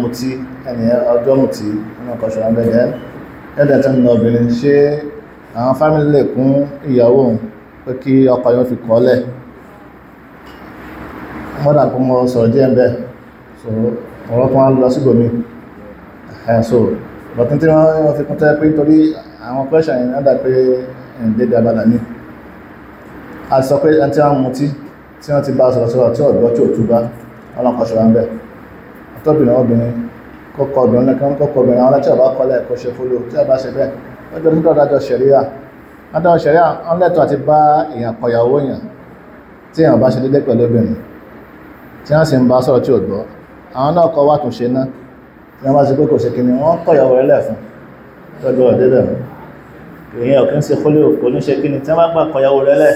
mutí ẹnìyàn ọjọ́ mutí ọmọ kan ṣọ̀rọ̀ bẹ́ẹ̀ ẹ̀dẹ̀ tó ń lọ obìnrin ṣé àwọn fámìlì lè kún ìyàwó òun pé kí ọkọ yóò fi kọ́ lẹ̀ mọ́dà kó mọ́ sọ̀rọ̀ díẹ̀ bẹ́ẹ̀ so ọ̀rọ̀ kan á lọ síbòmí ẹ̀ so bọ̀tún tí wọ́n fi kún tẹ́ pé torí àwọn pẹ́ṣà yẹn náà dà pé ẹ̀ǹdẹ́dẹ́ abala ní a sọ pé ẹni tí wọ́n mutí tí wọ́n ti bá sọ̀rọ̀ sọ̀rọ̀ tí ọ̀dọ́ tí ò túbá ọlọ́kọ̀ ṣọ̀rọ̀ bẹ́ẹ̀ tọ́bìnrin obìnrin kọ́kọ́ obìnrin lẹ́kàn kọ́kọ́ obìnrin àwọn lẹ́tọ̀ bá kọ́lẹ̀ kó ṣe fóló tí a bá ṣe bẹ́ẹ̀ ó jẹ́ nítorí adájọ́ ṣẹ̀ríà adájọ́ ṣẹ̀ríà wọ́n lẹ́tọ̀ àti bá èèyàn kọyàwó èèyàn tí èèyàn bá ṣe dédé pẹ̀lú obìnrin tí wọ́n sì ń bá sọ̀rọ̀ tí ò gbọ́ àwọn náà kọ́ wá tún ṣe ná tí wọ́n bá ṣe pé kò ṣe kíni wọ́n kọyàwó rẹ̀ lẹ́fún lọ́jọ́ ọ̀dẹ́bẹ̀ èèyàn ò kí ń ṣe kólé òkú ní ṣe kíni tí wọ́n bá gbà kọyàwó rẹ̀ lẹ́ẹ̀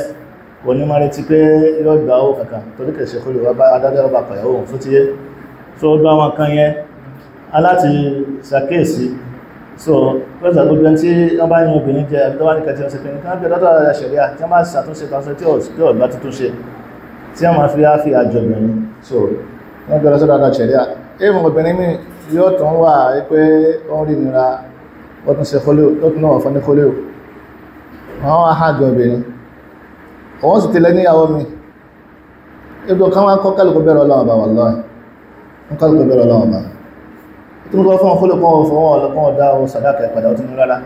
onímọ̀rẹ́ ti pé yóò gbà owó kankan torí kìí ṣe kólé adájọ́ bá kọyàwó fún ti so gbogbo àwọn kan yẹn aláti ṣàkíyèsí so pẹ́sà tó gbẹ́ tí wọ́n bá yin obìnrin jẹ àbí tó bá ní kẹtì ọ̀sẹ̀ kìnnìkan bí ọ̀dọ́dọ̀ ara ṣẹ̀ríà tí wọ́n bá ṣàtúnṣe tàṣẹ tí ò bá tuntun ṣe tí wọ́n máa fi á fi àjọ obìnrin so wọ́n gbẹ́rọ sọ́dọ̀ ara ṣẹ̀ríà even obìnrin mi yóò tún wà pé ó ń rí nira ó tún ṣe kólé ó tún náà fọ́ ní kólé wọ́n á hàn jọ obìnrin òun sì ti lẹ́ níyàwó mi ibùdó kan wá kọ́ kálukú bẹ̀rẹ̀ ọlọ́run àbàwọ̀ lọ́run ń kálùkù bẹ̀rẹ̀ ọlọ́run bá tí mo kọ́ fún ọkọ́lùkọ́ fọwọ́ ọlọ́kọ́ dá o sàdákà ìpadà ó ti ní rárá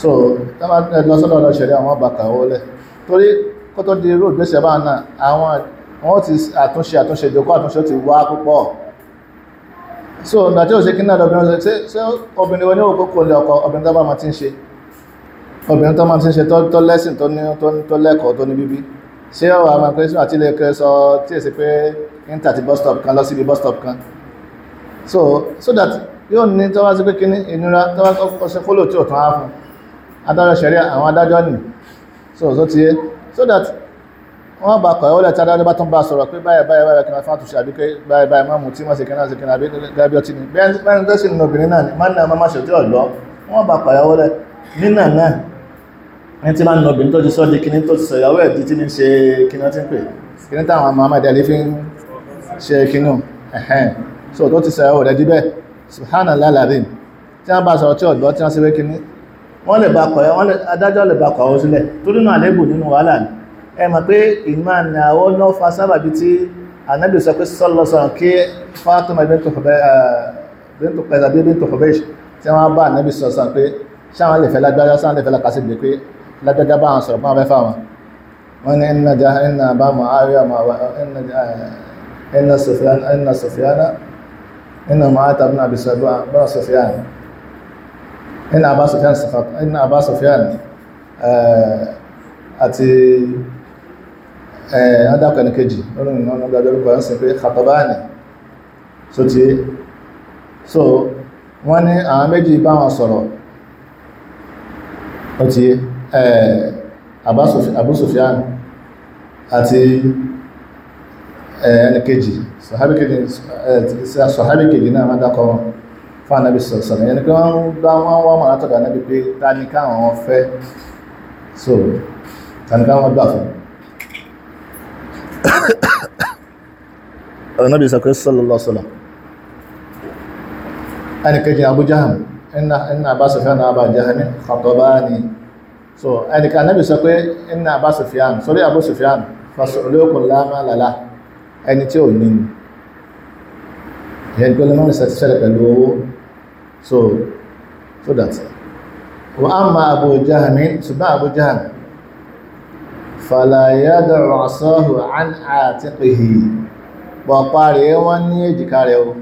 so tábà lọ sọ́dọ̀ ọ̀dọ̀ ṣẹ̀rí àwọn bàkà wọlé torí kó tó di irú ìgbésẹ̀ bá náà àwọn wọn ti àtúnṣe àtúnṣe ìjókòó àtúnṣe ti wá púpọ̀ so ìgbà tí ó ṣe kí náà lọ́bìnrin ṣe ṣe obìnrin wọn ní òkú kò lè ọkọ obìnrin tó bá máa ti ń ṣe obìnrin tó máa ti ń ṣe tó lẹ́sìn tó lẹ́kọ̀ọ́ ṣé ọ̀rọ̀ àwọn akẹ́sùn àti ilé ẹ̀kẹ́ sọ tí èsì pé inter ti bus stop kan lọ síbi bus stop kan so so that yóò ní tó wá sí pé kíní ìnira tó wá kọ́ sí fólò tí ò tán á fún adájọ́ ṣẹ̀rí àwọn adájọ́ nì so so ti so that wọ́n bá kọ̀ ẹ́ ó lẹ̀ tí adájọ́ bá tún bá sọ̀rọ̀ pé báyìí báyìí báyìí kí wọ́n fún àtúnṣe àbí báyìí báyìí máa mú tí wọ́n sì kí náà sì kí náà àbí gábí ọtí ni bẹ́ẹ̀ ni tó sì obìnrin náà ni má ní ọmọ má ṣe tí ọ̀lọ́ wọ́n bá kọ̀ ẹ́ nínà náà ní tí máa ń nọbìn tó ti sọ́ di kíní tó ti sọ̀yàwó ẹ̀dí tí ní ṣe kíní tí ń pè kíní táwọn ọmọ ọmọdé alé fi ń ṣe kíní ẹ̀hẹ́n so tó ti sọ̀yàwó rẹ̀ díbẹ̀ subhanallah lazim tí wọ́n bá sọ̀rọ̀ tí ọ̀gbọ́ tí wọ́n ṣe wé kíní wọ́n lè bá kọ̀ wọ́n lè adájọ́ lè bá kọ̀ ni ẹ mọ̀ pé ìmọ̀ ni àwọn náà fa sábàbí tí ànábì sọ pé sọ́lọ́ sọ̀rọ̀ kí bintu Hubaysh tí wọ́n bá ànábì sọ̀rọ̀ pé ṣáwọn lè fẹ́ lágbájá ṣáwọn lè fẹ́ lákàṣẹ́ gbé lágbẹ́gá bá àwọn sọ̀rọ̀ fún abẹ́fà wọn wọ́n ní ẹ̀nà jà ẹ̀nà bá mọ̀ àríyá mọ̀ ẹ̀nà sọ̀fíàná ẹ̀nà mọ̀ àtà bí nàbí sọ̀fíàná ẹ̀nà àbá sọ̀fíàná ẹ̀nà àbá sọ̀fíàná àti adákan eh, kejì lórí ìnáwó gbàgbé orúkọ ẹ̀sìn pé kàtàbáàni so ti so wọ́n ní àwọn méjì bá wọn sọ̀rọ̀ ó ti yé Abu Sufyan àti ẹnìkejì sọ̀hábì kejì náà máa dákọ̀ wọn fún ànábì sọ̀rọ̀ ẹni pé wọ́n bá wọ́n wọ́n mọ̀ látọ̀dọ̀ ànábì pé ta ní káwọn fẹ́ so ta ní káwọn gbà fún ànábì sallallahu sallam ẹnìkejì Abu Jaham inna Abu Sufyan náà Abu Jaham khatabaani so ẹnìkan anábì sọ pé ẹnà Abu Sufyan sórí Abu Sufyan fas'alūhu lā māla lahu ẹni tí ò ní ni ìyẹn so so that wa ammā Abu Jahm ṣùgbọ́n Abu Jahm falā yad'u 'aṣāhu 'an 'ātiqihi pọ̀pá rẹ̀ wọ́n ní èjìká rẹ̀ o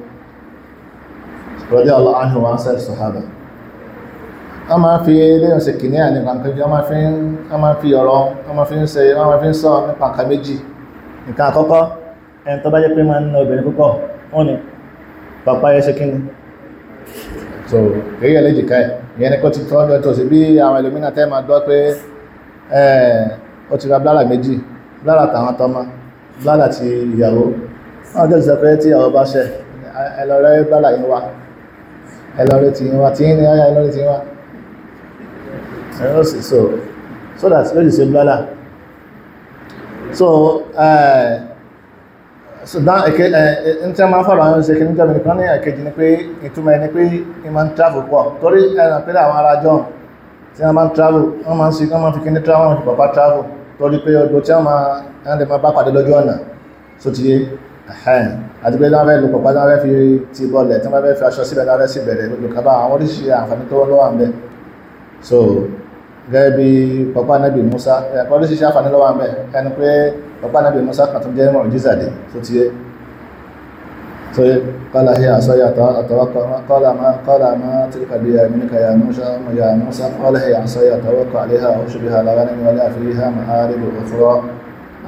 radiyallahu anhu wa 'an sa'ir sahaba wọ́n máa ń fi eléyàn ṣe kìnìún àní nǹkan kejì wọ́n máa fi ń wọ́n máa fi ọ̀rọ̀ wọ́n máa fi ń ṣe wọ́n máa fi ń sọ nípa nǹkan méjì nǹkan àkọ́kọ́ ẹni tó bá jẹ́ pé máa ń na obìnrin púpọ̀ wọ́n ní bàbá yẹn ṣe kí so èyí ẹ̀ léjìká ìyẹn ni kó ti tọ́jú ẹ̀ tó sí bí àwọn ẹlòmínà tẹ́ máa gbọ́ pé ó ti ra blára méjì blára tàwọn tọ́mọ blára ti ìyàwó wọ́n jẹ́ ìṣẹ́ pé tí ìyàwó bá ṣẹ ẹlọ́rẹ́ blára yín wá ẹlọ́rẹ́ ti yín wá tí yín ni ẹlọ́rẹ́ ti yín wá so so that's very lè ṣe blọ́lá so ṣùgbọ́n eh, eh, eh, n tí a máa fọ̀rọ̀ àwọn ìṣẹ́kì níjọ́ nìkan ní ẹ̀kejì ni pé ìtumọ̀ ẹni pé ẹ máa ń travel pọ̀ torí ẹran pé àwọn ará john tí wọ́n máa ń travel wọ́n máa ń sí wọ́n máa fi kíní travel wọ́n fi bàbá travel torí pé ọdún tí wọ́n máa ń lè máa bá pàdé lójú ọ̀nà so ti yé àti pé láwọn fẹ́ lu pọ̀pá láwọn fẹ́ fi ti bọ́ọ̀lẹ̀ tí wọ́n fẹ́ fi aṣọ síbẹ̀ láwọn fẹ́ sì bẹ̀rẹ̀ gbogbo kábà àwọn oríṣiríṣi àǹfààní tó wọ́n lọ́wọ́ à gẹ́gẹ́ bí pọ̀pọ̀ anábì Musa ẹ̀kọ́ ló ṣiṣẹ́ àǹfààní lọ́wọ́ àmì ẹni pé pọ̀pọ̀ anábì Musa kan tó jẹ́ mọ̀ jízàdé tó ti yẹ tó yẹ kọ́lá hí àsọ́yà àtọwọ́kọ́ kọ́lá máa kọ́lá máa tí kàbí ya mímíkà ya Musa mọ̀ ya Musa kọ́lá hí àsọ́yà àtọwọ́kọ́ àléhà oṣù bí halawa ní wọlé àfihà máa rí bò fúrọ́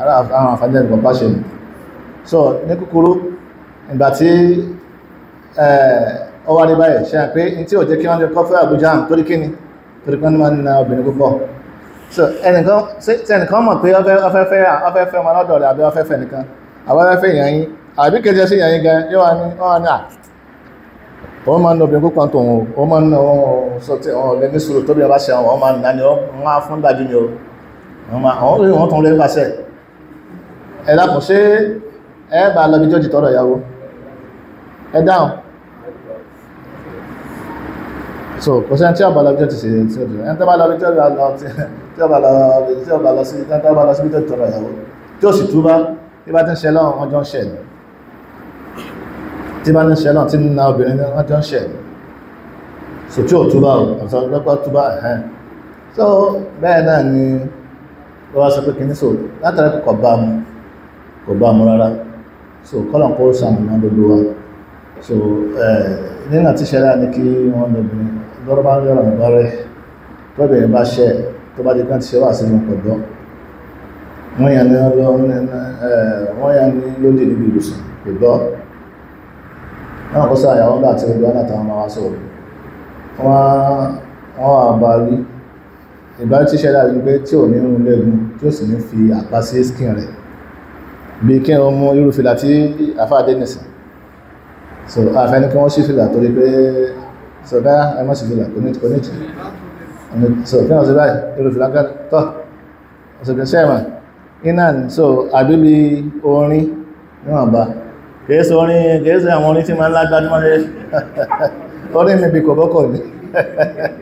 ara àwọn àǹfààní so ní kúkúrú ìgbà tí ọwọ́ ní báyìí ṣe pé ní tí ò jẹ́ kí wọ́n jẹ́ torí pé wọ́n máa ń na obìnrin púpọ̀ so ẹnìkan ṣe ẹnìkan mọ̀ pé ọfẹ́fẹ́ ọfẹ́fẹ́ ọmọ lọ́dọ̀ rẹ̀ àbí ọfẹ́fẹ́ nìkan àbọ́fẹ́fẹ́ èèyàn yín àbí kejì sí èèyàn yín gan yóò wá ní wọ́n wá ní à wọ́n máa ń na obìnrin púpọ̀ tòun wọ́n máa ń na wọn sọ tí wọn lè ní sùúrù tóbi ọba ṣe wọn máa ń na ni wọ́n á fún dájú ni o wọ́n rí wọn bí jọ́jì so kò sẹ́ni tí ọba lọ́jọ́ ti ṣe tí ó dùn ẹni tó bá lọ tí ọba lọ tí ọba lọ tí ọba lọ sí tí ọba lọ sí bí tó tọrọ ìyàwó tí ó sì túbá tí bá ti ń ṣe lọ́wọ́ wọn jọ ń ṣẹ̀ tí bá ti ń ṣe lọ́wọ́ tí ń na obìnrin ní wọn jọ ń ṣẹ̀ so tí ò túbá o ọ̀sán lọ́pọ̀ túbá ẹ̀hẹ́n so bẹ́ẹ̀ náà ni lọ́wọ́ sọ pé kìíní so látara kò bá mu kò bá so kọ́lọ̀ kó sàmùnà gbogbo wa so ẹ̀ẹ́d nínú àti ṣẹlẹ̀ ní kí wọ́n lóbìnrin lọ́rọ̀ bá ń yọ̀rọ̀ ń lọ́rẹ́ tọ́bìnrin bá ṣẹ́ tó bá di kán ti ṣe wà sínú pọ̀dọ́ wọ́n yà ní lóde níbi ìlúsùn kò gbọ́ náà kó sáà yàwó gbà tí ó gbọ́ látàwọn máa wá sọ̀rọ̀ wọ́n wà bá rí ìgbà tí ṣẹlẹ̀ àti pé tí ò ní rún lẹ́gun tí ó sì ní fi àpá sí skin rẹ̀ bí kí wọ́n mú irú fìlà tí àfáà dé nìsín so àfẹ́ ní kí wọ́n sí fìlà torí pé so náà ẹ má sì fi là so kí wọ́n ṣe báyìí lórí filaga tọ́ ọ̀sọ̀kẹ́ sẹ́ẹ̀mà iná ni so àbíbi orin níwọ̀n bá kèése orin kèése àwọn orin tí ma ń lágbájúmọ́ rẹ̀ orin mi bí ni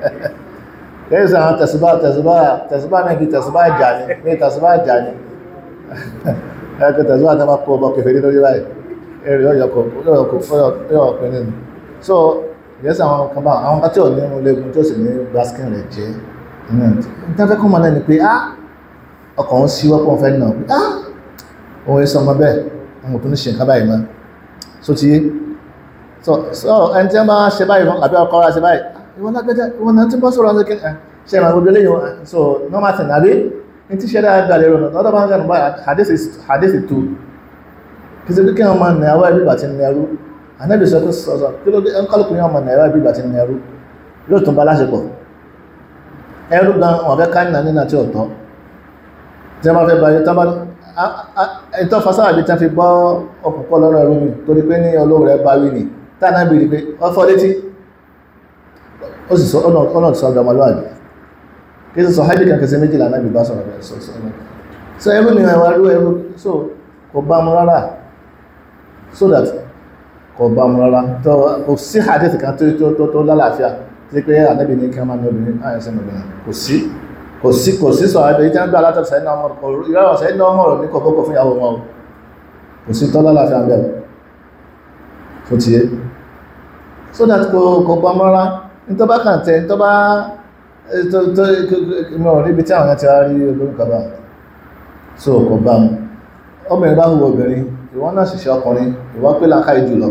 kèése àwọn tẹ̀síbá tẹ̀síbá tẹ̀síbá náà bí tẹ̀síbá ìjà ni ní tẹ̀síbá ìjà ni ẹ̀kọ́ tẹ̀síbá náà máa kó ọmọ kẹfẹ́ lórí báyìí èrè ọyọkọ̀ ọyọkọ̀ ọyọkọ̀ yẹ́sẹ̀ àwọn kan bá àwọn kan tí ò ní ológun tí ó sì ní baskin rẹ̀ jẹ́ nítorí kọ́ mọ́ náà ni pé á ọkọ̀ ń sí wọ́pọ̀ fẹ́ náà pé á òun èso ọmọ bẹ́ẹ̀ òun tó ní ṣe nǹkan báyìí mọ́ so ti yé so so ẹni tí wọ́n bá ṣe báyìí fún àbí ọkọ̀ ra ṣe báyìí ìwọ́n lágbẹ́jẹ́ ìwọ́n náà ti bọ́ sọ̀rọ̀ ṣe kíni ṣe ìrìn àgbègbè lẹ́yìn so normal thing àbí ní ti ṣe dáadáa lérò náà lọ́dọ̀ bá ń gbà anábì sọ pé sọ̀sọ̀ kí ló dé ẹ̀ ń kálukú ní ọmọ nàìjíríà bí ìgbà ti ní ẹrú yóò tún bá láṣepọ̀ ẹrú gan wọn fẹ́ ká nínà nínà tí ò tọ́ tí wọ́n bá fẹ́ bá yẹ tábà ẹ̀tọ́ fasára bí tí wọ́n fi bọ́ ọkùnkọ́ lọ́rọ̀ ẹrú mi torí pé ní olówó rẹ̀ bá wí ni táná bìrì pé wọ́n fọ́ létí ó sì sọ ọ̀nà sọ ọ̀dọ̀mọlúwàbí kí sì sọ hábì kan kẹsẹ̀ méjìlá náà bí bá sọ̀rọ̀ rẹ̀ so that kò bá mu rárá tó kò sí hadith kan tó tó tó lálàáfíà tí pé ànábì ní kí wọ́n máa ní obìnrin àyẹ̀sẹ̀ obìnrin kò sí kò sí kò sí sọ̀rọ̀ ẹgbẹ̀rún tí wọ́n gbé alátọ̀ sẹ́yìn ọmọ kò ìrọ̀rọ̀ sẹ́yìn ọmọ rẹ̀ ní kọ̀kọ́kọ́ fún ìyàwó wọn kò sí tọ́lá láti àbẹ̀ tó ti yé so that kò kò pa mọ́ra ní tó bá kàn tẹ́ tó bá eh, tó tó mọ̀ níbi tí àwọn ti wá rí olórí kaba so kò bá mu ọmọ ìrìn bá hu obìnrin ìwọ náà ṣiṣẹ́ ọkùnrin ìwọ pé láǹkà ìjù lọ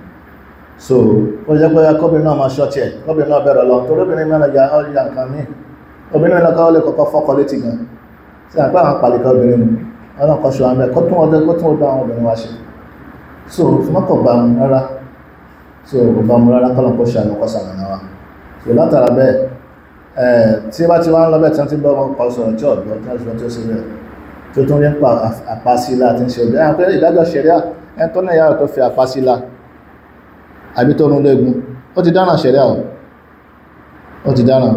so ó jẹ́ pé kóbìnrin náà máa ṣọ́ọ̀tì ẹ̀ kóbìnrin náà bẹ̀rẹ̀ lọ torí obìnrin mẹ́rin ya ọ̀yà nǹkan míì obìnrin náà kọ́ lè kọ́kọ́ fọ́kọ létí gan sí àpá àwọn pàlìkà obìnrin mu ọ̀nà kan ṣọ́ àmì ẹ̀kọ́ tún ọdẹ kó tún ọdọ àwọn obìnrin wa ṣe so mọ́kàn bá mu rárá so kò bá mu rárá kọ́lọ̀ kó ṣe àlùkọ́ sàmìnà wa so látara bẹ́ẹ̀ ẹ̀ tí bá ti wá ń lọ bẹ́ẹ̀ tí wọ́n ti bọ́ ọkọ̀ sọ̀rọ̀ tí ọ̀dọ́ tí wọ́n ti ṣe bẹ́ẹ̀ tó tún rí ń pa àpasílà àti ń ṣe ọ̀dọ́ àwọn ìdájọ́ ṣẹ̀ríà ẹni tó náà yára tó fi àpasílà àbí tọ́nu lẹ́gun ó ti dáràn ṣẹ̀rẹ́ àwọn ó ti dáràn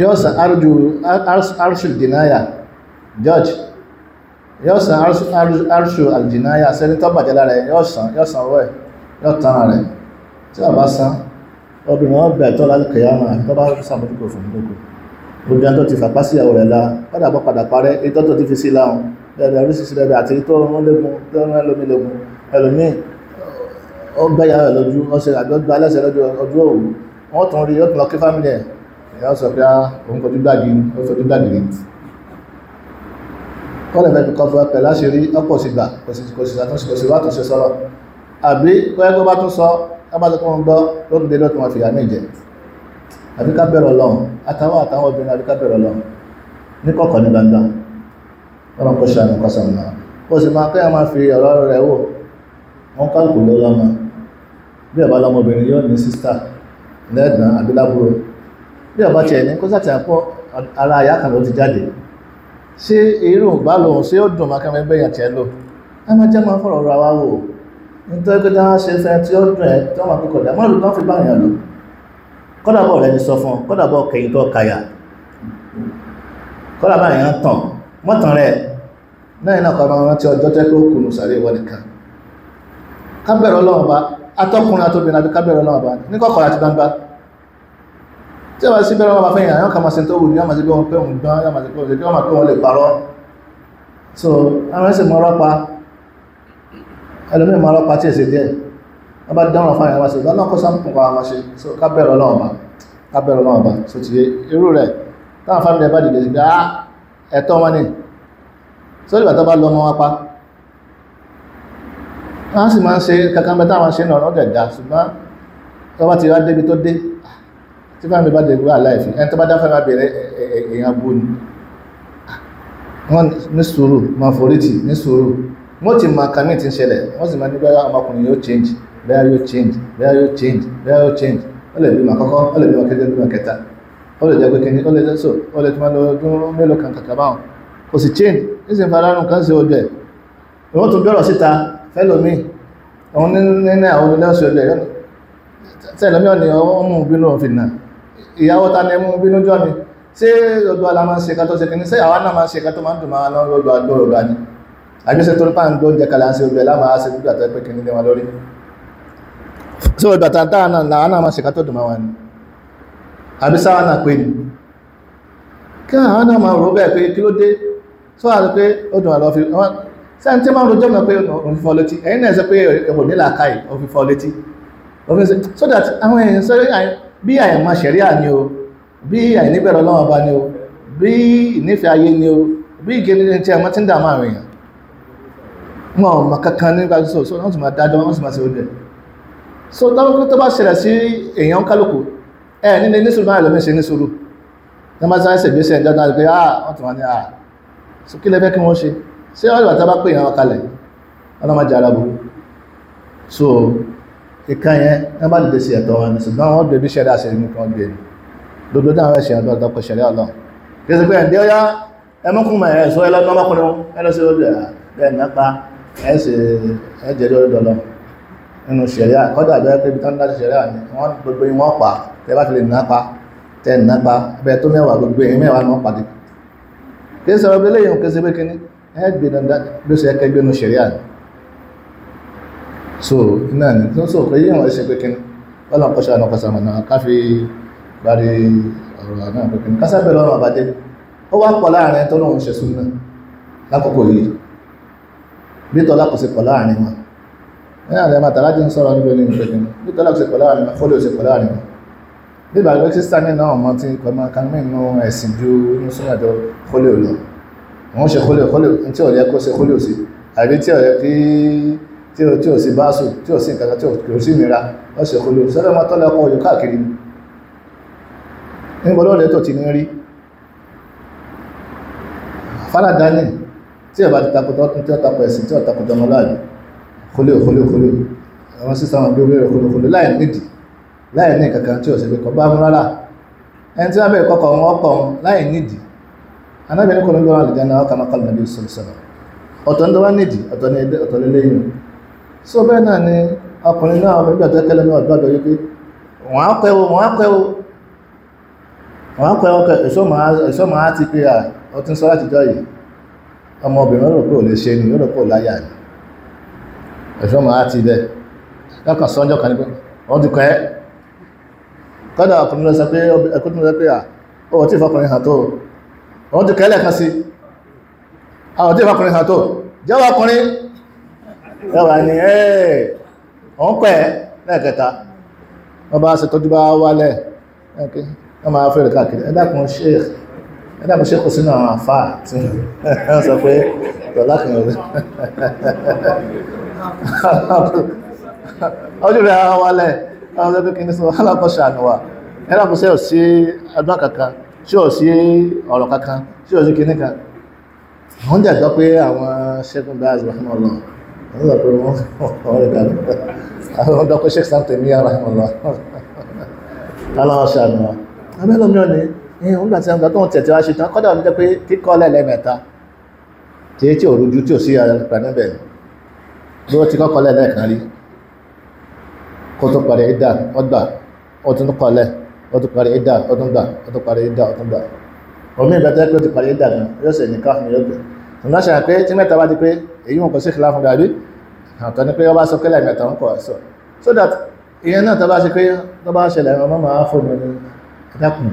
yóò san arjú arṣù dìnáyà george yóò san arṣù àdìnáyà sẹ́ni tó bàjẹ́ lára ẹ̀ yóò san yóò san owó ẹ̀ yóò tan rẹ̀ tí wọ́n bá san obìnrin wọn bẹ̀ẹ̀ tọ́ láti kẹ̀yàmà àti tọ́ bá sàmójúkò fún lóko obìnrin tó ti fàpá sí ìyàwó rẹ̀ ọgbẹ́yà rẹ̀ lójú wọ́n ṣe àgbẹ́gbẹ́ alẹ́sẹ̀ lọ́jọ́ ọjọ́ òru wọ́n tún rí yóò tún lọ kí fámílì ẹ̀ ìyá sọ pé ah, òun kọjú gbàgì ó fojú gbàgì rí kọ́lẹ̀ fẹ́ fi kọ́ fún ẹpẹ̀ láṣìírí ọ̀pọ̀ sí gbà kò sì ṣàtúnṣe kò sì wá tún ṣe sọ̀rọ̀ àbí pẹ́ẹ́gbẹ́ bá tún sọ ẹ bá tún kọ́ ń gbọ́ ló tún dé lọ́tún wọn fìyà méje àbí ká bẹ̀rẹ̀ Ọlọ́run àtàwọn àtàwọn obìnrin àbí ká bẹ̀rẹ̀ Ọlọ́run ní kọ̀kọ̀ ní gbangba lọ́nà kó ṣe àmì kọ́sàn náà kó sì máa kẹ́yà máa fi ọ̀rọ̀ rẹ̀ wọ́n kálukú ló bí ọba lọmọbìnrin yóò ní sísítà lẹ́gbọ̀n àbílábúrò bí ọba tiẹ̀ ní kó sàtì àpọ̀ ara àyà kan ló ti jáde ṣé irú bá lòun ṣé ó dùn mákàmẹ́ bẹ́yà tiẹ̀ lò ẹ má jẹ́ máa fọ̀rọ̀ ra wa wò nítorí pé táwọn ṣe fẹ́ tí ó dùn ẹ tí wọ́n máa fi kọ̀dà mọ́ ló fi báyàn lò kọ́dà bọ̀ rẹ ni sọ fún ká bẹ̀rẹ̀ ọlọ́run bá atọ́kùnrin àtòbìnrin àbíká bẹ̀rẹ̀ ọlọ́wọ́ bá ní kọ́kọ́ àti gbangba tí a bá sí bẹ̀rẹ̀ ọlọ́wọ́ fẹ́yìn àwọn kàmàṣẹ́ tó wù ní àmàṣẹ́ bí wọ́n pẹ́ òun gbọ́n àmàṣẹ́ pé òun pé wọ́n lè parọ́ so àwọn ẹ̀sìn mọ́ ọlọ́pa ẹlòmíràn mọ́ ọlọ́pa tí èsì díẹ̀ wọ́n bá dáhùn fáyà wá sí lọ́nà kó sáǹpù pa àwọn ṣe so ká bẹ̀rẹ̀ ọlọ́wọ́ bá ká bẹ̀rẹ̀ ọlọ́wọ́ bá so ti irú rẹ̀ táwọn fámìlì ẹ̀ bá dìde sí pé ah ẹ̀tọ́ wọn ni sórí ìgbà tó bá lọ ọmọ wọn pa wọ́n sì máa ń ṣe kankan bẹ́ẹ̀ táwọn ṣe ń ọ̀rọ̀ dẹ̀dá ṣùgbọ́n tó bá ti wá débi tó dé tí fáwọn bá débi wà láìfi ẹni tó bá dá fáwọn abẹ̀rẹ̀ èèyàn bú ni wọ́n ní sùúrù máa forí tì ní sùúrù wọ́n ti máa kan ní ti ṣẹlẹ̀ wọ́n sì máa ní bẹ́ẹ̀ ọmọkùnrin yóò change bẹ́ẹ̀ yóò change bẹ́ẹ̀ yóò change bẹ́ẹ̀ yóò change ó lè bímọ àkọ́kọ́ ó lè bímọ kẹjọ bímọ kẹta ó lè jẹ́ pé kíní ó lè jẹ́ so ó lè change ní sì ń fa alárùn kan sí ojú ẹ̀ fẹ́lòmí òun nínú àwọn onílẹ́sọ̀ ẹgbẹ̀ yọ́nà tẹ́lòmí ọ̀nà ọmọ bínú ọ̀fìnà ìyàwó ta ní mú bínú jọ́ mi ṣé ọdọ́ ala máa ń ṣe ká tó ṣe kìíní ṣé àwọn náà máa ń ṣe ká tó máa ń dùn máa lọ lọ́dọ̀ àgbọ̀rọ̀gbà ni àgbẹ̀ṣe tó nípa ń gbọ́ jẹ́ kalẹ̀ àṣẹ ọgbẹ̀ láwọn àṣẹ gbígbà tó pé kìíní wọn lórí ṣé ọdọ̀ tàǹtà náà làwọn náà máa ṣe ká tó dùn máa wọn ni àbí sáwọn náà kí àwọn náà máa pé kí ló dé sọ́wọ́ àti pé ó dùn àlọ́ sẹ́ni tí máa ń rojọ́ mọ̀ pé òfìfọ́ létí ẹ̀yìn náà sọ pé ẹ̀wọ̀ nílà káì òfìfọ́ létí so that àwọn èèyàn sọ bí àìmọ̀ ṣẹ̀ríà ni o bí àìníbẹ̀rẹ̀ ọlọ́wọ́ bá ni o bí ìnífẹ̀ẹ́ ayé ni o bí ìgẹ́ni tí ẹmọ tí ń dàmà rèèyàn wọn ò mọ̀ kankan nígbà tó sọ wọ́n sì máa dájọ́ wọ́n sì máa ṣe oúnjẹ so dáwọn tó bá ṣẹlẹ̀ sí èèyàn kálukú ẹ nílé nísòrò máa lọ́mí ṣe nísòrò tó bá sáyẹ́sẹ̀ gbéṣẹ́ ìjọba pé ah wọ́n ti wọ́n ní ah so kí lẹ́fẹ́ kí wọ́n ṣe ṣé wọ́n lè wà tá bá pè yàn wọn kalẹ̀ wọn náà má jẹ́ aláburú so ìka yẹn ẹ bá dìde sí ẹ̀tọ́ wọn ní ṣùgbọ́n wọn dèbí ṣẹ̀dá ṣe mú kí wọ́n gbé ni dodo dáhùn ẹ̀ṣẹ̀ àdó àdọ́kọ̀ ṣẹ̀rẹ́ ọlọ́run kí ẹ sì pé ẹ̀ǹdẹ́ ọyá ẹ mọ́kùn mọ̀ ẹ̀ṣọ́ ẹ lọ́dún ọmọkùnrin wọn ẹ lọ sí lórí ẹ̀ nípa ẹ sì ẹ kí ẹ ẹ gbé dandan bí ó ṣe ẹkẹ gbénu ṣẹ̀ríà ni so náà ni tó ń sọ pé yíyan ẹsẹ̀ pé kíni ọlọ́run kọ́ṣọ́ àwọn ọkọ̀ sàmọ̀nà káfí parí ọ̀rọ̀ náà pé kíni kásá bẹ̀rẹ̀ ọ̀rọ̀ àbájẹ́ ó wá pọ̀ láàrin tó lóun ṣe súnmọ́ lákòókò yìí bí tọ́lá kò sí pọ̀ láàrin wọn ní àwọn ẹ̀mà tàlájí ń sọ̀rọ̀ níbi onímọ̀ pẹ̀lú bí tọ́lá kò sí pọ̀ láàrin wọn fọ́lẹ̀ ò sí pọ̀ láàrin wọn bí bàbá sísá ní náà mọ́ ti kan mí nínú ẹ̀sìn ju inú súnmọ́ ìjọ fọ́lẹ̀ ò lọ wọ́n ṣe kólè kólè tí ó yẹ kó ṣe kólè sí àbí tí ó yẹ kí tí ó sí báṣù tí ó sí nǹkan tí ó sí ìmìra ó ṣe kólè sọ́dọ̀ máa tọ́lẹ̀ ọkọ̀ òyìn káàkiri ní gbọ́dọ̀ lẹ́tọ̀ ti ní rí fánàdání tí ó bá ti takò tọ́tún tí ó takò ẹ̀sìn tí ó takò jọmọláàdì kólè kólè kólè àwọn sísá wọn bí ó bẹ̀rẹ̀ anábìrin kọ́ lọ́wọ́ àlìjáná ọkà mọ́kàlù nàbí sọ̀rọ̀sọ̀rọ̀ ọ̀tọ̀ ń dọ́wà nídìí ọ̀tọ̀ ní ẹdẹ ọ̀tọ̀ lélẹ́yìn so bẹ́ẹ̀ náà ni ọkùnrin náà ọmọ ìgbà tó kẹlẹ́ náà ọ̀dọ́ àdọ́ wípé wọ́n á pẹ́ o wọ́n á pẹ́ o wọ́n á pẹ́ o ẹ̀ṣọ́ máa ti pé à ọ ti ń sọ láti jọ yìí ọmọ obìnrin rò pé ò lè ṣe ni ó rò pé ò láyà ni ẹ̀ṣọ́ máa ti bẹ́ lọ́kàn sọ́jọ́ kan ní pé wọ́n ti pẹ́ kọ́dà ọkùnrin lọ sọ pé ẹkùnrin lọ sọ pé à ó wọ́n ti hàn tó ọ̀hún ti kẹ́lẹ̀ kan sí àwọn tí ìfàkùnrin sàtọ̀ jẹ́wà kùnrin ẹwà ni ẹ̀ẹ́ ọ̀hún pẹ̀ lẹ́ẹ̀kẹta wọ́n bá ṣe tọ́jú bá wálẹ̀ wọ́n máa fẹ́rẹ̀ káàkiri ẹ̀dàkùn sheikh ẹ̀dàkùn sheikh sínú àwọn àfà tí wọ́n sọ pé tọ́lákùnrin ọjọ́ rẹ̀ wálẹ̀ àwọn ọjọ́ pé kí ní sọ alákọ̀ṣà àníwà ẹ̀dàkùn sheikh sí adúlá kankan tí ò sí ọ̀rọ̀ kankan tí ò sí kinní kan wọ́n jẹ́ gbọ́ pé àwọn ṣẹ́gun bá àzùmọ̀ fún ọlọ́ wọ́n jẹ́ pé wọ́n rẹ̀ dànù àwọn ọ̀dọ́ pé ṣẹ́gun sáńtẹ̀ ní ara ìmọ̀ lọ aláwọ̀ ṣàánú wa abẹ́lẹ̀ mi ò ní ẹ̀yìn òun gbàtí àwọn tó ń tẹ̀tẹ̀ wá ṣe tán kọ́dà jẹ́ pé kíkọ́ lẹ́lẹ́mẹ̀ta tí ó tún parí ìdá ó tún gbà ó tún parí ìdá ó tún gbà omi ìbẹ̀tẹ́ pé ó ti parí ìdá gan yóò sì ní káfíń yóò gbẹ̀ ṣùgbọ́n ṣe pé tí mẹ́ta bá di pé èyí wọn kò sí ìfìlà fún dàbí àtọ́ ni pé ọba sọ kẹ́lẹ̀ mẹ́ta ń kọ̀ sọ so that ìyẹn náà tó bá ṣe pé tó bá ṣẹlẹ̀ ọmọ máa fò ní ẹ̀dákùn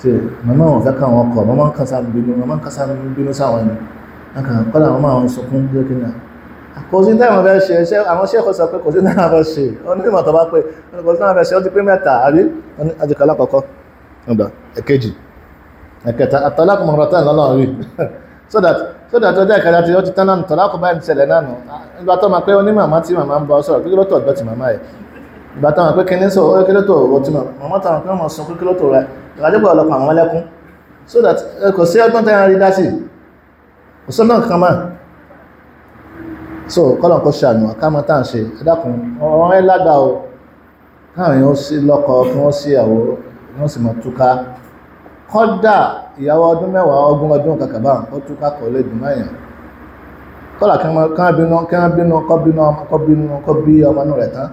ṣe màmá wọn fẹ́ káwọn ọkọ̀ màmá ń kásá bínú màmá ń kásá bínú sáwọn ẹni kọ́lá màmá àwọn sọkún lókè náà kò sí táwọn fẹ́ ṣe ṣe àwọn ṣẹ́kọ̀ sọ pé kò sí táwọn fẹ́ ṣe wọn ní ìmọ̀ tó bá pé kò sí táwọn fẹ́ ṣe ó ti pé mẹ́ta àbí àjùkọ̀ alákọ̀ọ́kọ́ ọ̀dọ̀ ẹ̀kẹta àtàlákùn mọ̀rọ̀tà rí so that so that ọjọ́ ìkàdá ti ó ti tán náà tọ́lákùn báyìí ṣẹlẹ̀ náà nù ìgbà tó ma pé ó ní màmá tí màmá ń bọ sọ̀rọ̀ kí ló tọ̀ ọ̀gbẹ́ ti so that kò sí ọgbọ́n tẹ́yàn rí so kọ́lọ̀ kó ṣàánú àkámọ́ tá à ń ṣe ẹ̀dàkùn ọ̀rọ̀ ẹ̀ lágbà o káwọn èèyàn sí lọ́kọ kí wọ́n sí ìyàwó kí wọ́n sì mọ̀ túká kọ́dà ìyàwó ọdún mẹ́wàá ọgbọ̀n ọdún kàkàbà ó túká kọ́ lè dùn náà yẹn kọ́là kí wọ́n bínú kí wọ́n bínú kọ́ bínú kọ́ bínú kọ́ bí ọmọ inú rẹ̀ tán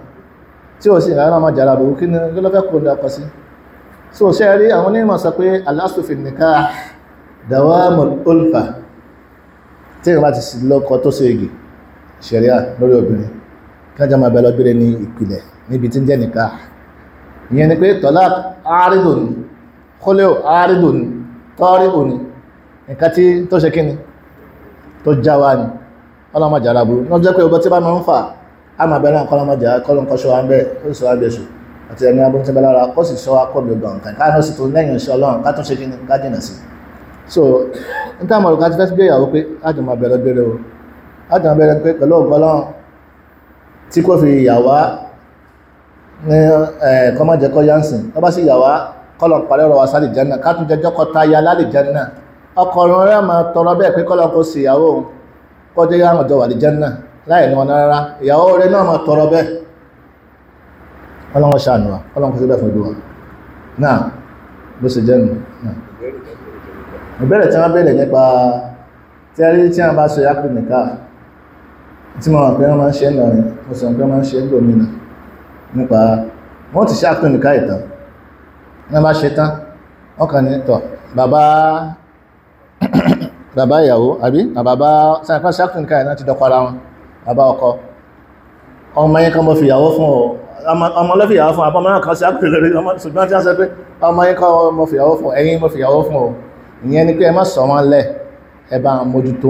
tí ò sí ìlànà máa jàrà bò kí ni kí ló fẹ́ kó da ọkọ sí so ṣe tí ìrìn bá ti sí lọ́kọ tó ṣe igi ṣẹ̀ríà lórí obìnrin kájọ máa bẹ lọ́gbére ní ìpìlẹ̀ níbi tí ń jẹ́ nìka ìyẹn ni pé tọ́lá àárídò ni kólẹ́ò àárídò ni tọ́rí òní nǹkan tí tó ṣe kí ni tó já wa ni ọlọ́mọjà aláburú ní ọjọ́ pé ọgbọ́n tí bá máa ń fà á máa bẹ̀rẹ̀ nǹkan ọlọ́mọjà kọ́lọ́nkọ́ṣọ́ wa ń bẹ̀ ó sì wá bẹ̀ṣù àti ẹ̀mí abúrú tí bá lára kó sì sọ akọ́bẹ̀ gbọ̀n kan ká náà sì tó lẹ́yìn iṣẹ́ ọlọ́run ká tún ṣe kí ni ká jìnà sí so ní táwọn ọ̀rọ̀ ká ti fẹ́ gbé ìyàwó pé á jọ máa bẹ̀rẹ̀ bẹ̀rẹ̀ o látàn bẹ̀rẹ̀ pé pẹ̀lú ọ̀gọ́lọ́n tí kò fi yàwá ní kọmọ́jẹ́kọ́ yánsìn tó bá sì yàwá kọ́lọ̀ parẹ́ ọ̀rọ̀ wa sáà lè jẹ́nà kátún jẹjọ́ kọ táyà lálè jẹ́nà ọkọ̀run rẹ̀ máa tọrọ bẹ́ẹ̀ pé kọ́lọ̀ kó sì ìyàwó òun kọjá yà mọ̀jọ wà lè jẹ́nà láì ní wọn rárá ìyàwó rẹ̀ náà máa tọrọ bẹ́ẹ̀ ọlọ́run ṣàánú wa ọlọ́run tí a rí tí wọ́n bá ṣe yàpù nìkan tí mo ràn pé wọ́n máa ń ṣe ń lọrin mo sì ràn pé wọ́n máa ń ṣe ń gbòmìnà nípa wọ́n ti ṣe àpẹnìká ìtàn wọ́n bá ṣe tán wọ́n kàn ní tọ̀ bàbá bàbá ìyàwó àbí bàbá sáyẹn pàṣẹ ìtàn ti dọ́kọ wọn mo fi ìyàwó fún ọ ọmọ lọ́fì ìyàwó fún abọ́mọ́ náà kan sí mo fi ìyàwó fún mo ni pé ẹ má sọ wọn lẹ̀ ẹ bá mójútó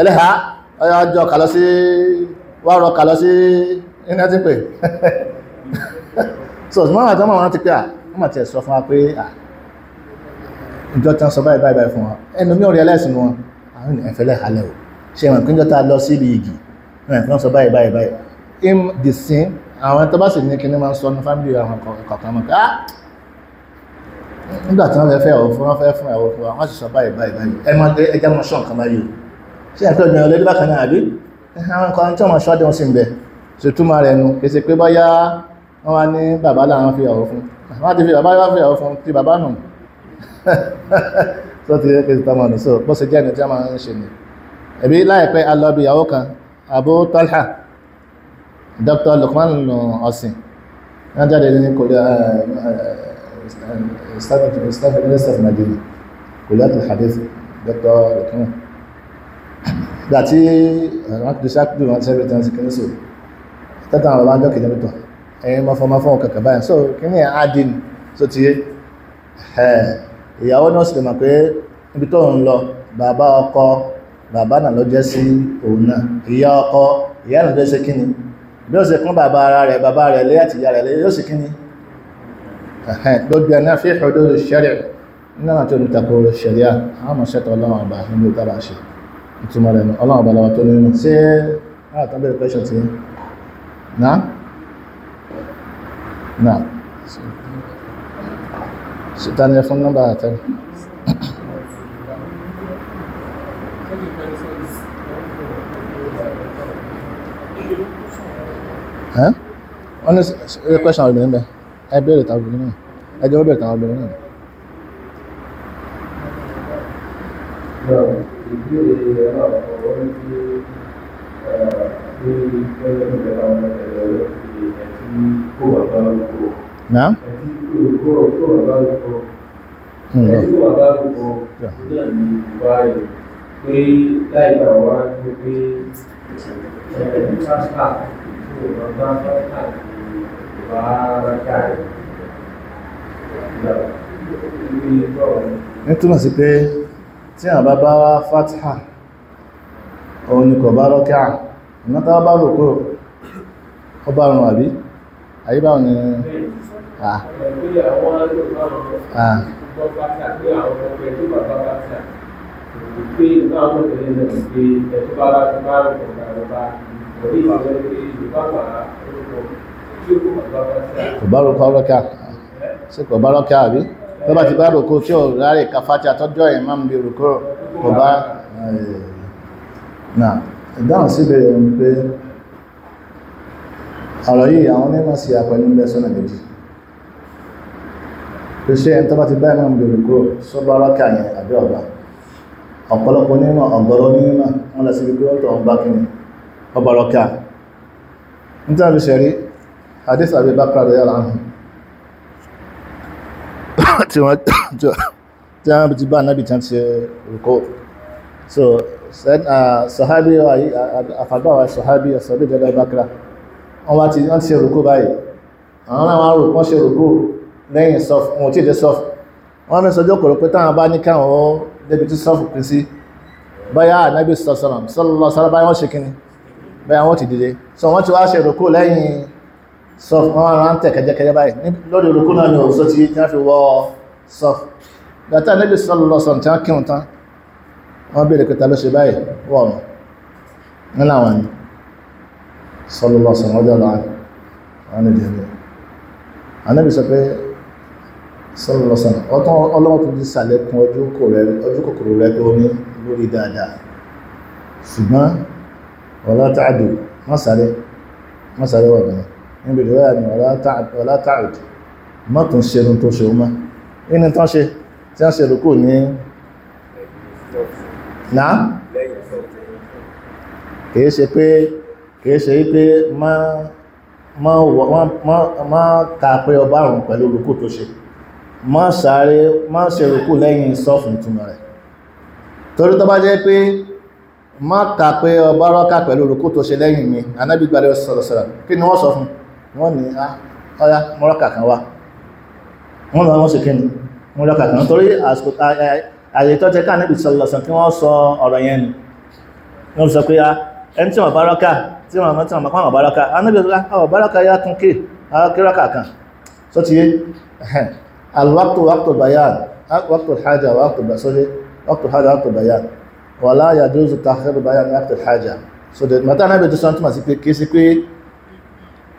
ẹlẹ́ha ọjọ́ kàlọ́ sí wárọ̀ kàlọ́ sí iná tí pè so mọ́ràn tó mọ̀ràn ti pé à wọ́n ti sọ fún wa pé à ìjọ tán sọ báyìí báyìí fún wọn ẹnu mi ò rí ẹlẹ́sìn wọn àwọn ẹ̀fẹ́lẹ̀ halẹ̀ o ṣe wọn kí n jọta lọ sí ibi igi wọn sọ báyìí báyìí báyìí im the sin àwọn tó bá sì ní kíní máa ń sọ ní fámìlì àwọn kọ̀ọ̀kan mọ̀ ah nígbà tí wọ́n fẹ́ fẹ́ ọ̀ fún wọn fẹ́ fún ẹ̀ wọ́n sì sọ báyìí báyìí báyìí ẹ sí àpẹ́ ọ̀gbìn ọlọ́dún bákan náà àbí àwọn nǹkan tí wọ́n ṣọ́dẹ̀ wọn sì ń bẹ̀ ṣe túmọ̀ rẹ̀ nu kì í ṣe pé bọ́yá wọ́n wá ní bàbá làwọn fi fún wọ́n ti fi bàbá yóò fi fún ti bàbá nù tó ti rí kìí tọmọ nù so bó ṣe jẹ́ ẹni tí a máa ń ṣe ni Dr. Lukman gbà tí eh, wọ́n ti ṣáàpù wọn ṣẹ́bẹ̀ tí wọ́n ti kìíní sọ tẹ́tà àwọn bàbá ń jọ́kì lẹ́mìtọ̀ ẹ̀yìn mọ́ fọmọ fọ́n báyìí so kìíní àádín so ti yé ìyàwó náà sì mọ̀ pé ibi tó ń lọ bàbá ọkọ bàbá náà ló jẹ́ sí òun náà ìyá ọkọ ìyá náà jẹ́ sí kíni bí ó sì kún bàbá ara rẹ̀ bàbá rẹ̀ lé àti ìyá rẹ̀ lé yóò sì kíni gbogbo ẹ̀ná fíhùdó ṣẹ̀rẹ̀ náà tó ń takò ṣẹ̀rẹ̀ àwọn ọmọ ṣẹ́tọ̀ ọlọ́run àbá nínú ìtàbà ṣe ìtumọ̀ rẹ̀ ọlọ́run ọba lọ́wọ́ tó ní mọ̀ sí àtàbẹ̀rẹ̀ pẹ́ṣọ̀ tí náà náà síta ní fún nọ́mbà àtẹ́rẹ̀ wọ́n ní ṣe pẹ́ṣọ̀ obìnrin bẹ ẹgbẹ̀rẹ̀ tàbí obìnrin náà ẹjọ́ bẹ̀rẹ̀ náà ìbéèrè ẹ̀rọ àkọ́kọ́ ní pé ní ẹgbẹ́ ìjọba ọmọ ẹ̀rọ ti ẹ̀tí kó wà lárúkọ. Nà? Ẹ̀tí kó wà lárúkọ. Ẹ̀tí kó wà lárúkọ náà ní ìwà rẹ̀ pé láì bá wá ní pé ẹ̀ẹ́dì pásítà tó wà bá pásítà ìwà ara káàrẹ̀. Ní túmọ̀ sí pé tí a bá bá fatiha òun ni kò bá rọ́kíà ìmọ́ta bá rò pé ó bá rùn àbí àyíbá ni kò bá rọ́kíà àbí tó bá ti bá ròkó tí ò rárẹ̀ kàfàtí àtọ́jọ́ ẹ̀ máa ń bí ròkó kò bá eh, náà ìdáhùn síbẹ̀ ń pé ọ̀rọ̀ yìí àwọn onímọ̀ sí àpẹẹlú ń bẹ sọ́nà méjì pé ṣé ẹni tó bá ti bá ìmọ̀ ń bí ròkó sọ́bọ̀ ọlọ́kà yẹn àbí ọ̀gá tí wọ́n tí wọ́n ti bá anábì tán ti rúkọ́ so sahabi afagbawa sahabi asabi dada bakra wọ́n wá ti wọ́n rúkọ́ báyìí wọ́n ṣe rúkọ́ lẹ́yìn sọf wọn tí ì sọf wọ́n mẹ́sàn ọjọ́ kòrò pé táwọn bá ní káwọn débi tí sọf pín sí báyá anábì sọ̀sọ̀rọ̀ sọ́lọ́sọ́lọ́ báyá wọ́n ṣe kíni báyá wọ́n ti dìde so wọ́n ti wá ṣe rúkọ́ lẹ́yìn sọf wọn rán tẹ̀ kẹjẹkẹjẹ báyìí lórí orúkú náà ni òun sọ ti tí wọ́n fi wọ sọf gbàtà níbi sọlọ lọsọ tí wọ́n kírun tán wọ́n béèrè pé ta ló ṣe báyìí wọ́n mọ̀ nínú àwọn ni sọlọ lọsọ ọjọ́ lọ àwọn èdè rẹ̀ ànábì sọ pé sọlọ lọsọ ọtún ọlọ́wọ́ tó di sàlẹ̀kùn ojú kòkòrò rẹ̀ wọ́n sáré wọ́n sáré wọ̀ bẹ́ẹ̀ níbi ìrẹ́yà ni ọ̀lá tààd mọ́tún ṣerun tó ṣe ọmọ inú tán ṣe tí wọ́n ṣe rúkú ní náà kìí ṣe pé kìí ṣe wípé má ka pé ọba àrùn pẹ̀lú rúkú tó ṣe má sáré má ṣe rúkú lẹ́yìn sọ́ọ̀fù ìtumọ̀ rẹ̀ torí tó bá jẹ́ pé má ka pé ọba kí ni wọ́n sọ fún wọ́n ní á ah, ọ̀yá mọ́rọ́kà kan wá wọ́n lọ wọ́n sì kí ni mọ́rọ́kà kan torí àsìkò àyè tó tẹ ká níbi sọlọsàn kí wọ́n sọ ọ̀rọ̀ yẹn ni wọ́n sọ pé ah, ẹni tí wọ́n bá rọ́kà tí wọ́n mọ́ tí wọ́n mọ́ bá rọ́kà anábì ah, ọ̀ bá rọ́kà yá tún kí kí rọ́kà kan sọ ti yé alwaktu waktu bayan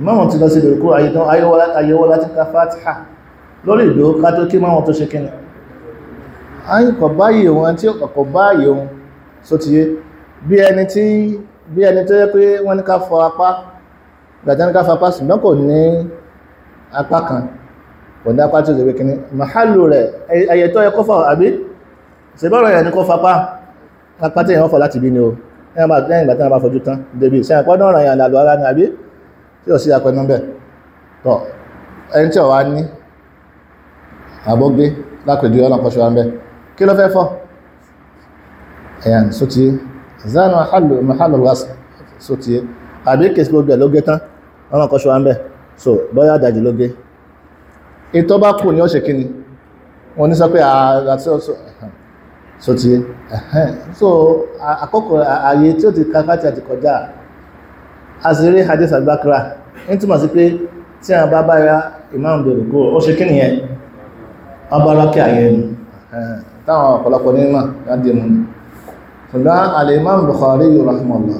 ìmáàmù ti lọ sí ìdòkó àyíkan ayẹwọ́ láti ka fatiha lórí ìdó ká tó kí máwọn tó ṣe kíni àyíkọ̀ báyìí òun àti ọ̀kọ̀ báyìí òun só ti yé bí ẹni tí bí ẹni tó yẹ pé wọ́n ní ká fọ apá gbàtà ní ká fọ apá ṣùgbọ́n kò ní apá kan kò ní apá tó ṣe pé kíni màhálù rẹ̀ ẹyẹ tó yẹ kó fọ àbí ṣèbọ̀rọ̀ yẹn ni kó fọ tí èèyàn ṣe tí si sì apẹnu tọ́ ẹni tí ọ̀wá ní àbógbé lápèjú ọlọ́pọ̀ṣọ́ ń bẹ̀ kí ló fẹ́ fọ́ ẹ̀yàn sóti zanu mahalulwas sóti àbí kèsì gbogbo ẹ̀ ló gé tán ọlọ́pọ̀ṣọ́ ń so bọ́yá ló gé bá kù ní ó ṣe wọ́n ní sọ pé ah, àti ti àṣírí hadith albakra ní túnmọ̀ sí pé tí a bá bára imam bèrè kó ó ṣe kí nìyẹn wọ́n bá rákẹ́ àyẹnu táwọn ọ̀pọ̀lọpọ̀ nímọ̀ láti mú ṣùgbọ́n al-imam Bukhari rahimahullah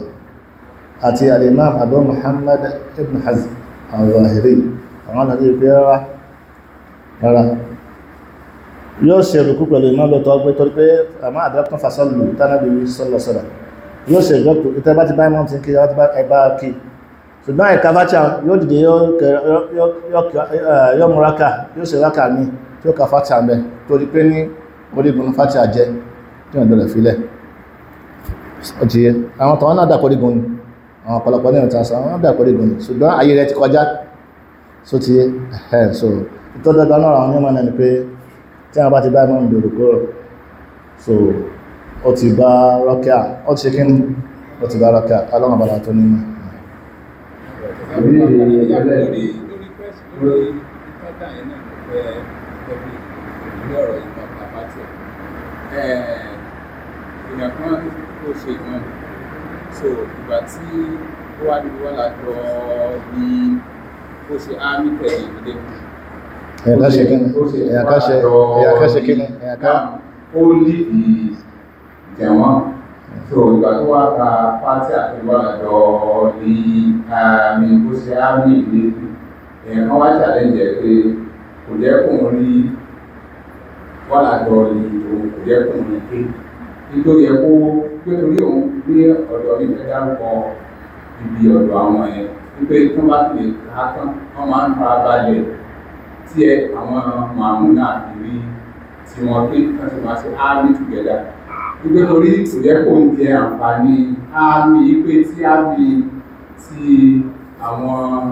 àti al-imam Abu Muhammad ibn Hazm al-Zahiri àwọn àti ìpẹ́ rárá rárá yóò ṣe rùkú pẹ̀lú imam lọ́tọ́ pé torí pé àmá àdẹ́kùn yóò ṣe ìjọ́ ìtẹ́ bá ti bá imam ti ń kí ẹbá kí ṣùgbọ́n ẹ̀ka fàtíà yóò dìde yóò mú rákà yóò ṣe rákà ní tí ó ka fàtíà mẹ́ tó di pé ní orígun fàtíà jẹ́ tí wọ́n gbọ́dọ̀ náà dàkọ́rígun ní ọ̀tá sọ pé tí wọ́n bá ti bá imam dòrò kúrò so ó ti bá rọ́kíà ó ti ṣe kí ní ó ti bá rọ́kíà alọ́mọ̀bára tó nínú èèyàn kan ó ṣe ìmọ̀ so ìgbà tí ó wá níbi wọ́n lájọ bí ó ṣe á ní pẹ̀lú ìdílé ẹ̀yà ká ṣe kíni ẹ̀yà ká ṣe kíni ẹ̀yà ká ṣe kíni ẹ̀yà ká ó ní tẹ̀wọ́n so ìgbà tó wá ka pátí àfihàn àjọ ní àmì kó ṣe àmì ìlé èèyàn kan wá ṣàlẹ́jẹ̀ pé kò jẹ́ kó ń rí wọ́n àjọ ní òun kò jẹ́ kó ń rí pé nítorí yẹ kó pé torí òun gbé ọ̀dọ̀ ní fẹ́ dárúkọ ibi ọ̀dọ̀ àwọn yẹn wípé tí wọ́n bá ti lè ta tán wọ́n máa ń fara balẹ̀ tí àwọn màmú náà tí wọ́n pé kí wọ́n ti máa ṣe áárí tùgẹ́dà ìgbé torí ìtòyẹ́kò ń jẹ àǹfààní àmì ìpè tí àmì ti àwọn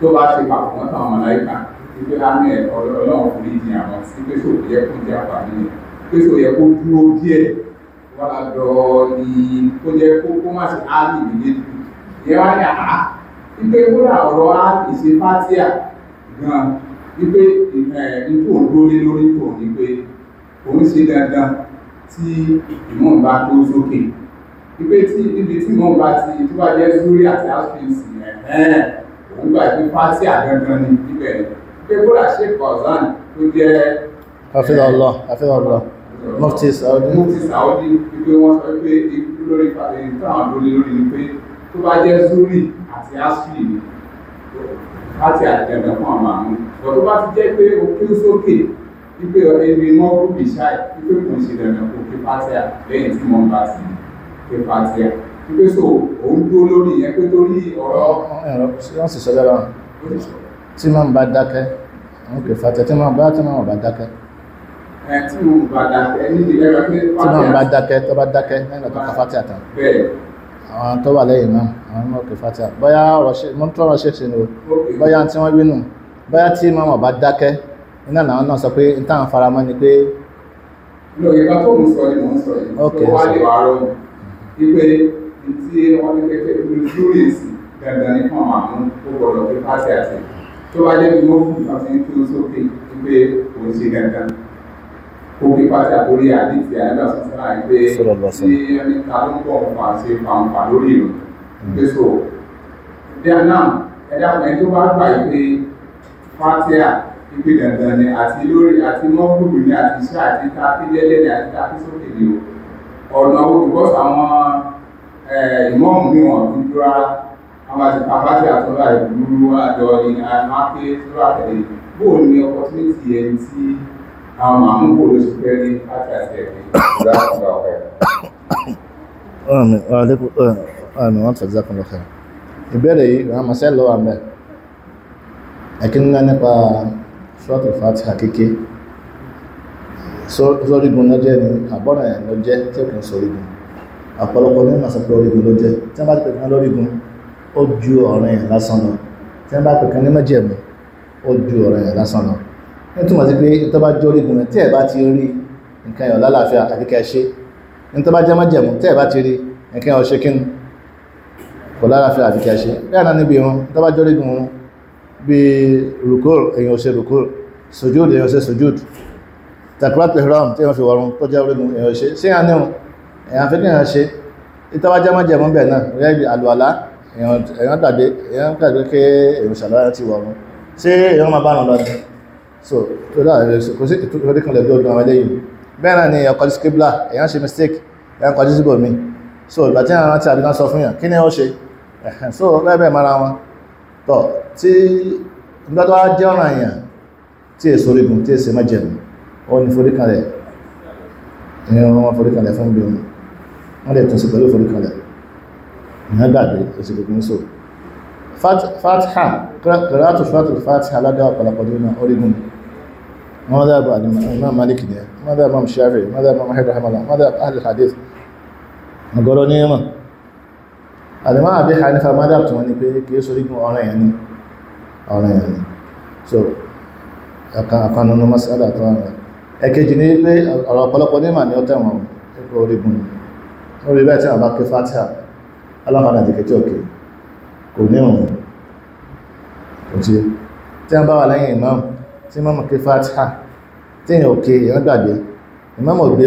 tó bá ṣe papọ̀ mọ́ tàwọn mọ̀láìkà ìpè àmì ọlọ́run kò ní di àwọn sí pé sòkò yẹ kó jẹ àǹfààní rẹ̀ pé sòkò yẹ kó dúró díẹ̀ wọ́n á dọ̀ ní kó jẹ́ kó kó má ṣe àmì méjèèjì ìyẹn wá ní àá ìpè kódà ọ̀rọ̀ á kì í ṣe fátíà gan-an wípé ìtò òdó lórí tòun ni pé òun ṣe dandan tí ìmọ̀ bá tó sókè wípé tí níbi tí ìmọ̀ bá ti tó bá jẹ́ sórí àti áfíìsì ẹ̀hẹ́n òun gbà pé pátí àgangan ni níbẹ̀ pé bóra ṣe kọ̀ọ̀sán tó jẹ́ àfihàn ọlọ àfihàn ọlọ mufti saudi wọ́n sọ pé ikú lórí ìtàn lórí lórí ni pé tó bá jẹ́ sórí àti áfíìsì pátí àgangan fún àwọn àmú ọ̀tọ́ bá ti jẹ́ pé ó kú sókè Ipe ebi mọ́ kú bìṣáì wípé kò ń ṣe dandan kò ké pátíà lẹ́yìn tí wọ́n bá sí ké pátíà wípé so òun dúró lórí ìyẹn pé torí ọ̀rọ̀. wọ́n sì sọ lọ́rọ̀ tí máa ń bá dákẹ́ wọ́n ké pátíà tí máa ń bá tí máa ń bá dákẹ́. tí mo bá dákẹ́ níbi ẹgbẹ́ pé pátíà. tí máa ń bá dákẹ́ tó bá dákẹ́ nígbà tó ká pátíà tán. àwọn tó wà lẹ́yìn náà àwọn ọmọ òkè fàtíà bóyá ọ̀rọ̀ ṣe mọ́tò ọ̀rọ̀ ṣe ṣe ni o bóyá tí wọ́n wínú bóyá tí mọ́mọ́ bá dákẹ́ iná làwọn náà sọ pé n táwọn faramọ́ ni pé. ló ìgbà tó ń sọ ni mò ń sọ yìí tó wá lè wá rọrùn wípé tí wọ́n ní kékeré lórí ìsìn dandan ní fún àwọn àmú ó gbọ́dọ̀ pé pàṣẹ àti tó bá jẹ́ bí wọ́n fún ìgbà tí ń kí ó sókè wípé kò ń ṣe dandan kò fi pàṣẹ àkórí àdìsí àyẹ̀dá sọ́sọ́nà wípé tí ẹni ta ló ń bọ̀ fà ṣe fàǹfà lórí ìrùn mm. pé so díẹ̀ náà ẹ̀dá ọ̀gbìn tó bá gbà yìí pé pàṣẹ àti ìpè dandan ni àti lórí àti mọ́kùrù ni àti iṣẹ́ àti tábílẹ́lẹ́ ni àti tábísókè ni o ọ̀nà olùkọ́sọ àwọn ìmọ̀ọ́mù mi wọ̀n ti dúra abájọ àtúnrà ìlú àjọ ìrìn àmáké tó àtẹ̀lé bóò ni opportunity ẹni tí àwọn àmúgbò ló ṣe fẹ́ ní láti àtẹ̀lé ìgbà àtúnrà ọ̀fẹ́. Ọ̀nà àlékún ọ̀nà wọn tẹ̀lé zákùn lọ́kẹ́. Ìbéèrè yìí, àwọn àmọ̀ṣẹ́ lọ́wọ́ àmẹ́. Ẹ̀kí ńlá nípa sọ́ọ̀tì fatiha kéke sọ́rígun ló jẹ́ ni àbọ̀rọ̀ ẹ̀ ló jẹ́ tí òkun sọ́rígun ọ̀pọ̀lọpọ̀ ní màá sọ pé orígun ló jẹ́ tí wọ́n bá pè kan lórígun ó ju ọ̀ràn ẹ̀ lásán lọ tí wọ́n bá pè kan ní májẹ̀mú ó ju ọ̀ràn ẹ̀ lásán lọ nítumọ̀ sí pé tó bá jẹ́ orígun tí ẹ̀ bá ti rí nǹkan ẹ̀ lálàáfíà àkíkẹ́ tí ẹ̀ bá ti rí nǹkan ẹ̀ lálàáfíà àkíkẹ́ ṣe bẹ́ẹ̀ náà bá jẹ́ orígun bí rukúr èyàn ṣe rukúr sojúd èyàn ṣe sojúd takrat ihram tí wọ́n fi wọ́run tó jẹ́ orígun èyàn ṣe sí àní ohun èyàn fi kíyàn ṣe ìtawájá má jẹ̀mú bẹ̀ náà rẹ́ ibi àlùwàlá èyàn dàgbé èyàn dàgbé kí èyàn ṣàlàyé ti wọ́run sí èyàn máa bá ràn lọ́dún so tó dáa kò sí ìtòrí kan lẹ́gbẹ́ ogun àwọn eléyìí bẹ́ẹ̀ náà ni èyàn kọjú sí kíblà èyàn ṣe mistake so ìgbà tí àwọn rántí àbí náà sọ so bẹ́ẹ̀ bẹ́ẹ̀ tọ́ tí ìgbàtọ́ wá jẹ́ ọ̀ràn èèyàn tí è sórí gùn tí è se májẹ̀mù wọ́n ni foríkalẹ̀ ìrìn wọn foríkalẹ̀ fún bí wọn wọ́n lè tún sí pẹ̀lú foríkalẹ̀ ìyẹn gbàgbé òsìkò gùn so fatiha kìrátù fatiha fatiha ládá ọ̀pọ̀lọpọ̀ lónà orígun wọ́n dá bá ní imam malik ni wọ́n dá imam shafi wọ́n dá imam ahmed rahman wọ́n dá ahlul hadith ọgọ́rọ̀ ní ìmọ̀ àdìmọ́ àbí hanifa madhab tí wọ́n ní pé kìí sórí gún ọ̀rọ̀ yẹn ni ọ̀rọ̀ so ọ̀kan nínú masala tó wà rẹ̀ ẹ̀kejì ní pé ọ̀rọ̀ ọ̀pọ̀lọpọ̀ ní màní ọ̀tẹ̀ wọn ẹ̀kọ́ orígun orí bẹ́ẹ̀ tí wọ́n bá ké fatiha aláfààní àti kẹtí òkè kò ní òun kò tí tí wọ́n bá wà lẹ́yìn imam tí mọ́mọ́ ké fatiha tí èèyàn òkè èèyàn gbàgbé imam ò gbé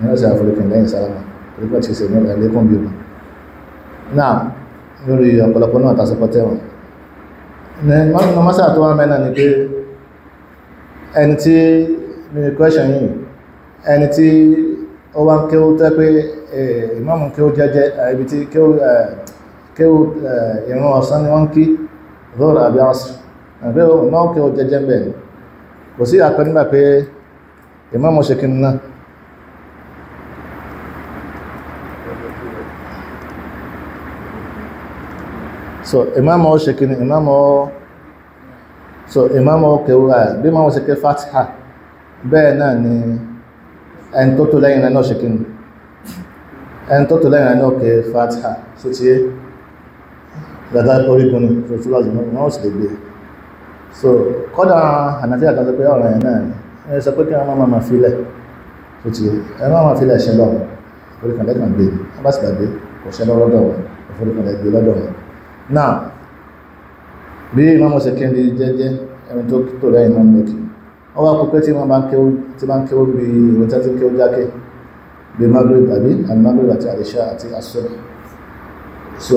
ní ọ̀sẹ̀ àforíkìn lẹ́yìn sálámà orípẹ́ ti ṣe mẹ́ta lékún bí omi náà lórí ọ̀pọ̀lọpọ̀ náà tasọ́pọ̀ tẹ́wọ̀n ní mọ́nà mọ́sà tó ni pé ẹni tí nínú question yìí ẹni tí ó wá ń kéwú tẹ́ pé ìmáàmù kéwú jẹ́jẹ́ ibi ni wọ́n kí lóòrò àbí ọ̀sán àbí ìmáàmù kéwú jẹ́jẹ́ bẹ́ẹ̀ kò so ìmáàmù ọ ṣe kí ni ìmáàmù ọ so ìmáàmù ọ kẹwàá bí ìmáàmù ṣe ké fatiha bẹ́ẹ̀ náà ni ẹni tó tó lẹ́yìn rẹ̀ náà ṣe kí ni ẹni tó tó lẹ́yìn rẹ̀ náà ké fatiha so tiye dada orígun ni so tí wàá wọn sì lè gbé so kọ́dà ànàtí àtàtà pé ọ̀ràn yẹn náà ni ẹ sọ pé kí wọn máa filẹ̀ so tiye ẹ máa máa filẹ̀ ṣẹlẹ̀ orí kan lẹ́kàn gbé abásìgbàgbé kò ṣẹlẹ̀ ọlọ́dọ̀ wọn òfin kan lẹ́gbẹ̀ẹ́ lọ́dọ̀ wọn náà bí ìmọ̀mọ̀ sẹ̀kẹ́ndì jẹ́jẹ́ ẹni tó tó lẹ́yìn náà lókè wọ́n wá kó pé tí wọ́n bá ń kéwú tí bá ń kéwú bí ìwé tí wọ́n kéwú jákè bí magrib àbí alimagrib àti àdìsá àti asọ́rọ̀ so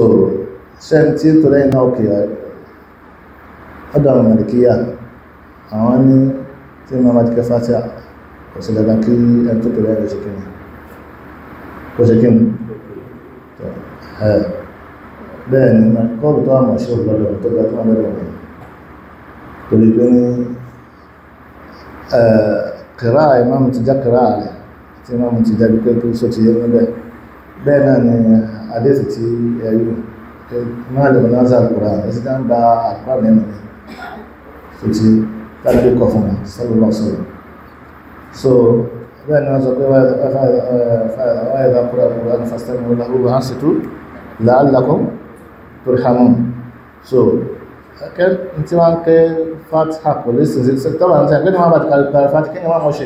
sẹ́ni tí tó lẹ́yìn náà òkè ọ̀dọ̀ àwọn màlìkíyà àwọn ní tí wọ́n bá ti kẹfà tí a kò sí dandan kí ẹni tó tó lẹ́yìn lóṣèkínì lóṣèkínì ẹ̀ bẹ́ẹ̀ ni kọ́ọ̀lù tó àmọ̀ sí ọ̀gbọ́dọ̀ tó gbẹ́ fún ọlọ́dọ̀ rẹ̀ torí pé ní eh, kìrá ìmáàmù ti já kìrá rẹ̀ tí ìmáàmù ti jáde pé tó sọ́tì yé níbẹ̀ bẹ́ẹ̀ náà ni adéṣì ti ẹ̀yù máa lè wọ́n náà kúrà ẹ̀sì dá ń ba àkúrà nínú rẹ̀ sọ́tì kọ̀ fún so bẹ́ẹ̀ ni wọ́n sọ pé wáyé dá kúrà kúrà fásitẹ́mù làwọn àṣìtú làálàkùn turhamun so kẹ́ tí wọ́n kẹ́ fatiha kò lè sìn sí tọ́wà ní sẹ́yìn pé ní wọ́n bá ti kàrí fatiha kí ni wọ́n mọ̀ ṣe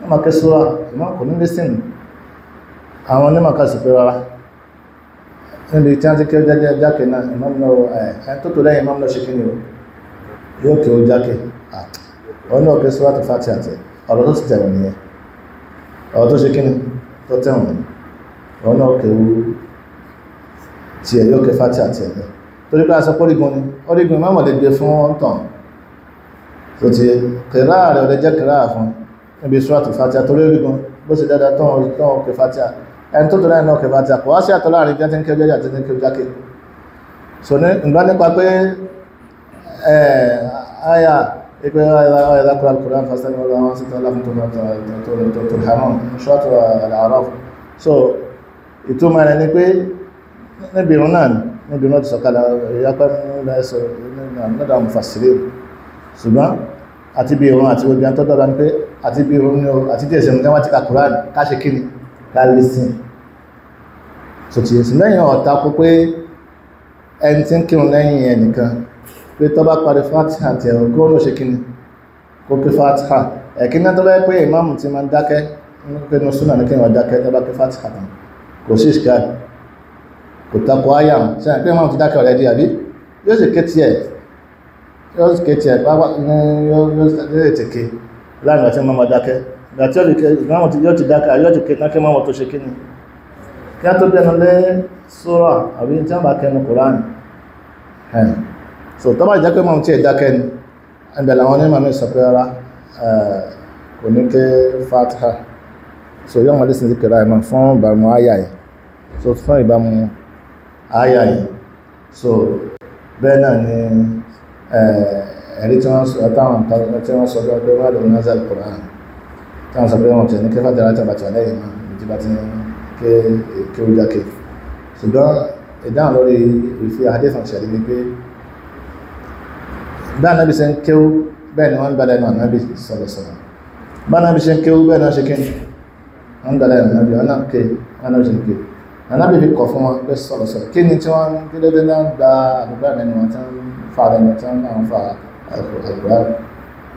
wọ́n máa kẹ́ sura ìmọ̀ kò ní lè sìn àwọn onímọ̀ kan sì pé rárá níbi tí wọ́n ti kẹ́ jẹ́jẹ́ jákè náà ìmọ̀ náà ẹ̀ tó ke, lẹ́yìn ìmọ̀ náà ṣe kí ni o yóò kẹ́ eh, ah, o jákè ọ̀nà ọ̀kẹ́ sura tó fatiha tẹ̀ ọ̀rọ̀ tó ti tẹ̀wọ̀n nìyẹn ọ̀rọ̀ tó ṣe kí ni tó tẹ̀wọ̀n ọ̀nà ọ̀kẹ́ wúrú tí ẹ̀ yóò kẹfà tí àti ẹ̀gbẹ́ torí pé aṣọ pọ́rígun ni ọ̀rígun ìmáàmù lè gbé fún ọ̀tàn tó ti kẹrà rẹ̀ ọ̀dẹ jẹ́ kẹrà fún níbi sùúràtù Fátíhà torí orígun bó ṣe dáadáa tán tán kẹfà tí a ẹni tó tọ́lá náà kẹfà tí a kò wá sí àtọ́ láàrin bí wọ́n ti ń kẹjọ́ àti ní kẹjọ́ jákè so ní ìgbà nípa pé ẹ̀ àyà ikpe ayẹyẹ kura kura fasa ni wọ́n wọ́n sita lápò tó tó tó tó hàn án sùúràtù al-A'raf so ìtumọ̀ rẹ̀ ni pé níbi irun náà níbi irun ti sọ̀kalẹ̀ ìyápẹ́ lẹ́sọ̀ nígbà mufasirin ṣùgbọ́n àti bí irun àti obìnrin tó dọ́dọ̀ ní pé àti bí irun ní o àti díẹ̀ sí ìrìnlẹ́wọ̀n ti ka Kùránì káṣe kí ni ká so ti yẹsùn lẹ́yìn ọ̀ta kó pé ẹni ni kó pé fatiha ẹ̀kí náà tó bá yẹ pé ìmáàmù ti máa ń dákẹ́ pé nusuna ní kí wọ́n dákẹ́ tó bá pé fatiha tán kò sí ìṣkáàlì kò tako àyà sẹ́yìn pé wọ́n ti dákẹ́ ọ̀rẹ́ di àbí yóò sì ké tiẹ̀ yóò sì ké tiẹ̀ pápá ní yóò sì tèké láàrin àti mọ́mọ́ dákẹ́ àti ìgbàmọ̀ tí yóò ti dákẹ́ yóò ti ké dákẹ́ mọ́mọ́ tó ṣe kí ni kí á tó bẹ́nu lé sura àbí tí wọ́n bá kẹnu Qur'an so tọ́bà ìjákẹ́ mọ́mọ́ tí ẹ̀ dákẹ́ ni ẹ̀bẹ̀ làwọn onímọ̀ mi sọ pé rárá kò ní ké Fatiha so yọ́n mọ̀ lé sí ti kẹ̀rọ àìmọ̀ fún ìbámu àyà yìí so fún ìbámu àyà yìí so bẹ́ẹ̀ náà ni ẹ̀rí tí wọ́n sọ táwọn tí wọ́n sọ pé wọ́n wà lóun náà zàlù kọ̀ọ̀rán táwọn sọ pé wọ́n tẹ̀ ní kẹfà dára tàbàtì wà lẹ́yìn náà ìdí bá ti ń ké ké ó jákè ṣùgbọ́n ìdáhùn lórí ìfi àdéhùn ṣẹ̀lẹ̀ ni pé bí ànábì ṣe ń kéwú bẹ́ẹ̀ ni wọ́n ń gbalẹ̀ nù ànábì sọ̀rọ̀sọ̀rọ̀ bí ànábì ṣe ń kéwú bẹ́ẹ̀ ni wọ́n ṣe kí wọ́n ń gbalẹ̀ nù anábì fi kọ̀ fún wọn pé sọ̀rọ̀ sọ̀rọ̀ kí ni tí wọ́n kí ló dé náà gba àdúgbò àmẹ́ni wọn tán fa àmẹ́ni tán náà ń fa àdúgbò àmẹ́ni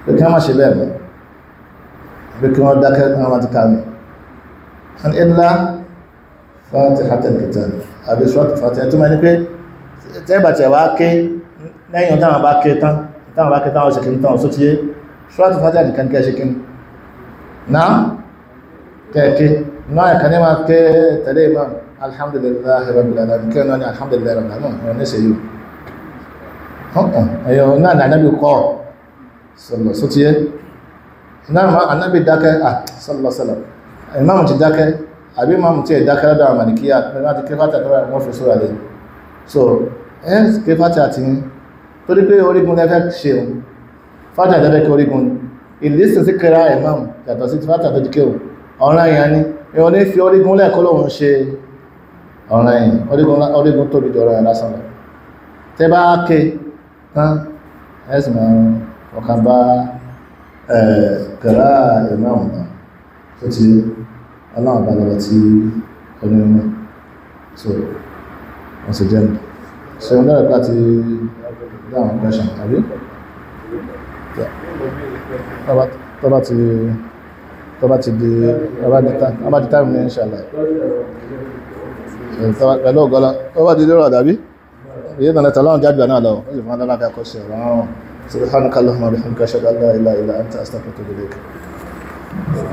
pé kí wọ́n má ṣe bẹ́ẹ̀ mọ́ pé kí wọ́n dákẹ́ kí wọ́n má ti ká mi. an ilá fatihatul kitab àbí sọ́ọ̀tì fatiha tó máa pé tẹ́gbà tẹ̀ wá ké lẹ́yìn táwọn bá ké tán táwọn bá ké tán ọ̀ṣọ́ ti yé sọ́ọ̀tì fatiha nìkan kẹ́ ṣe kí náà kẹ́ẹ̀kẹ́ náà ẹ̀kan ní máa kẹ́ tẹ̀lé imam alhamdulillahi rabbil alamin kí náà ni alhamdulillahi rabbil alamin ọ̀rọ̀ ní ṣèyí ẹ̀yọ̀ náà ní anábì kọ́ sọ̀lọ̀ sótíyẹ́ náà anábì dákẹ́ sọ̀lọ̀ sọ̀lọ̀ imam ti dákẹ́ àbí imam ti dákẹ́ lọ́dọ̀ àmàlìkíyà pẹ̀lú àti kẹfàtà tó wọ́n fi sóra lè so ẹ́ kẹfàtà àti torí pé orígun lẹ́fẹ́ ṣeun fàtà lẹ́fẹ́ kí orígun ìlísìn sí kẹra imam yàtọ̀ sí fàtà tó dikẹ́ òun ọ̀ràn èèyàn ni èèyàn ní fi orígun lẹ́ẹ̀kọ́ lòun ṣe ọ̀ràn èèyàn orígun tóbi jọ ọ̀ràn lásán lọ tẹ bá ké tán ẹ̀sìn máa ọkàn bá kẹrà ìmáàmù náà ti ọlọ́run so wọ́n sì jẹ́ mi so ń bẹ̀rẹ̀ pé àti dáhùn tó bá ti di abájítà ní ìṣàlẹ̀ pẹ̀lú ọgọ́lá tó bá di lérò àdàbí èyí náà lẹ́tà lọ́rùn jágbà náà lọ ó sì fún aláàfíà kọ́ sí ọ̀rọ̀ ọ̀rọ̀ subhanakallahumma wa bihamdika ashhadu an la ilaha illa anta astaghfiruka wa atubu ilayk